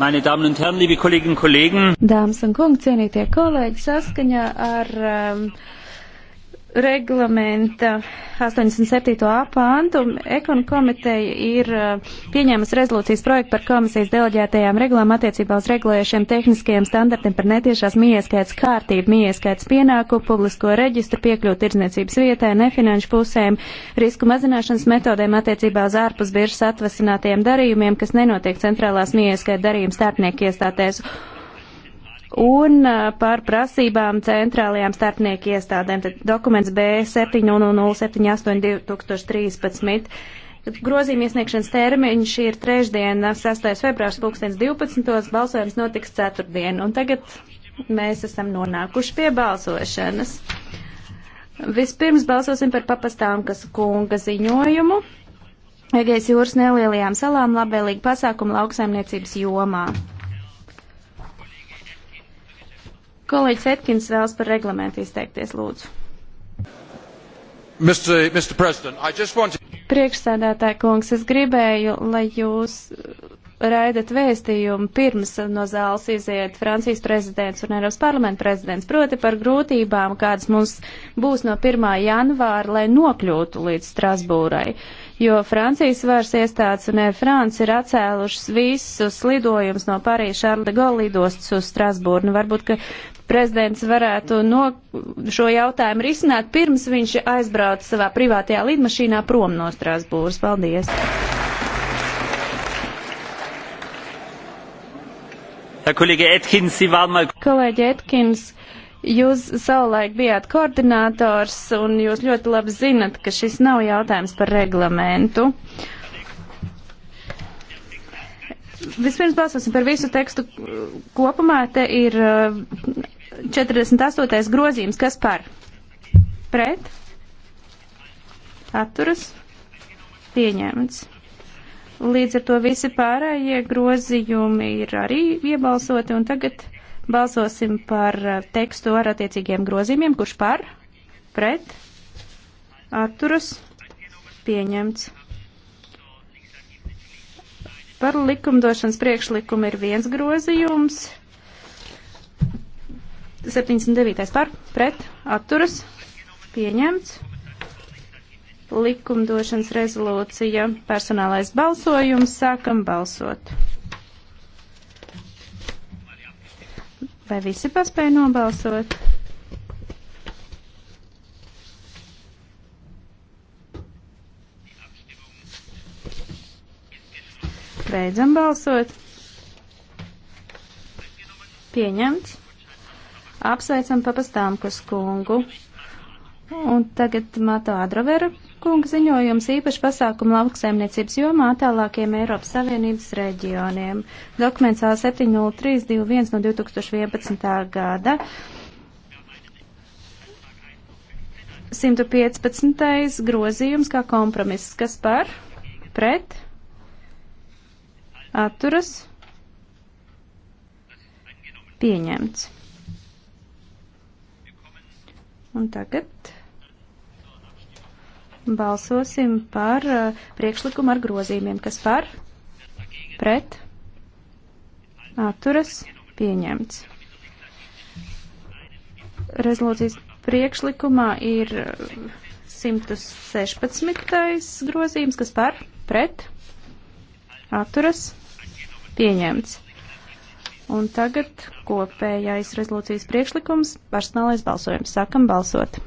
Meine Damen un Herren, liebe Kolleginnen und Kollegen. Dāmas un kungi, cienītie kolēģi, saskaņā ar um, reglamenta 87. pāntu ekonu komiteja ir uh, pieņēmusi rezolūcijas projektu par komisijas deleģētajām regulām attiecībā uz regulējušiem tehniskajiem standartiem par netiešās mieskaits kārtību, mieskaits pienāku, publisko reģistru, piekļūt tirdzniecības vietai, nefinanšu pusēm, risku mazināšanas metodēm attiecībā uz ārpus biržas atvasinātajiem darījumiem, kas nenotiek centrālās mieskaita darījuma starpnieku iestātēs un eh, par prasībām centrālajām starpnieku iestādēm. Tad dokuments B7007-2013. Grozījuma iesniegšanas termiņš ir trešdien, 6. Eh, februārs, 2012. Balsojums notiks ceturtdien. Un tagad mēs esam nonākuši pie balsošanas. Vispirms balsosim par papastāmkas kunga ziņojumu. Egejas jūras nelielajām salām labvēlīgi pasākumu lauksaimniecības jomā. Kolēģis Etkins vēlas par reglamentu izteikties, lūdzu. Mr. Mr. President, I just want to... Priekšsēdētāji kungs, es gribēju, lai jūs raidat vēstījumu pirms no zāles iziet Francijas prezidents un Eiropas parlamenta prezidents, proti par grūtībām, kādas mums būs no 1. janvāra, lai nokļūtu līdz Strasbūrai. Jo Francijas varas iestādes un Air France ir atcēlušas visus lidojumus no Parīzes Šarla de Gaulle lidostas uz Strasbūru. Nu, varbūt, ka prezidents varētu no šo jautājumu risināt pirms viņš aizbrauc savā privātajā lidmašīnā prom no Strasbūras. Paldies! Atkins, mal... Kolēģi Etkins, jūs savulaik bijāt koordinators un jūs ļoti labi zinat, ka šis nav jautājums par reglamentu. Vispirms balsosim par visu tekstu kopumā. Te ir 48. Eh, grozījums. Kas par? Pret? Atturas? Pieņēmts. Līdz ar to visi pārējie grozījumi ir arī iebalsoti, un tagad balsosim par uh, tekstu ar attiecīgiem grozījumiem, kurš par, pret, atturas, pieņemts. Par likumdošanas priekšlikumu ir viens grozījums. 79. par, pret, atturas, pieņemts likumdošanas rezolūcija, personālais balsojums, sākam balsot. Vai visi paspēja nobalsot? Beidzam balsot. Pieņemts. Apsveicam papastām, kas kungu. Un tagad Mato Adrovera Kunga ziņojums īpaši pasākumu lauksaimniecības jomā tālākiem Eiropas Savienības reģioniem. Dokuments A70321 no 2011. gada. 115. grozījums kā kompromiss, kas par, pret, atturas, pieņemts. Un tagad balsosim par uh, priekšlikumu ar grozījumiem. Kas par? Pret? Atturas? Pieņemts. Rezolūcijas priekšlikumā ir 116. Uh, grozījums, kas par? Pret? Atturas? Pieņemts. Un tagad kopējais rezolūcijas priekšlikums, personālais balsojums. Sākam balsot.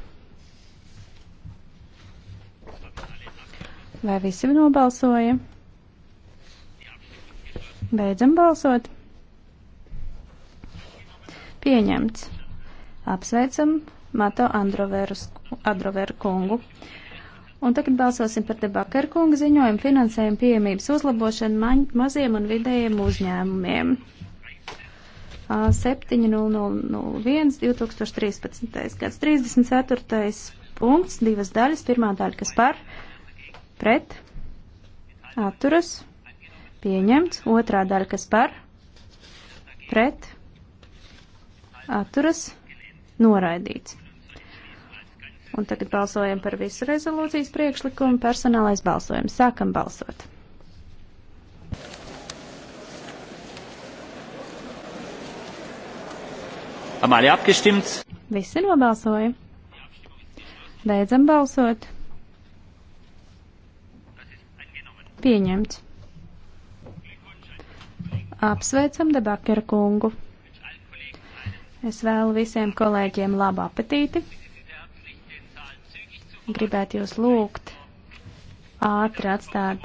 Vai visi nobalsoja? Beidzam balsot. Pieņemts. Apsveicam Mato Androveru kungu. Un tagad balsosim par debakeru kunga ziņojumu finansējumu pieejamības uzlabošanu ma maziem un vidējiem uzņēmumiem. 7001 2013. gads 34. punkts, divas daļas, pirmā daļa, kas par pret, atturas, pieņemts. Otrā daļa, kas par, pret, atturas, noraidīts. Un tagad balsojam par visu rezolūcijas priekšlikumu. Personālais balsojums. Sākam balsot. Amāļi apgestimts. Visi nobalsoja. Beidzam balsot. Pieņemts. Apsveicam debakera kungu. Es vēlu visiem kolēģiem labu apetīti. Gribētu jūs lūgt ātri atstāt,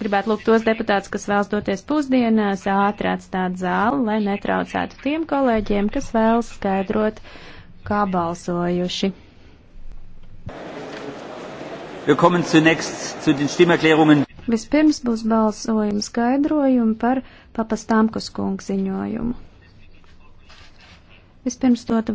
gribētu lūgt tos deputātus, kas vēlas doties pusdienās, ātri atstāt zāli, lai netraucētu tiem kolēģiem, kas vēlas skaidrot, kā balsojuši. Vispirms būs balsojuma skaidrojumi par papastāmkus kungu ziņojumu. Vispirms dot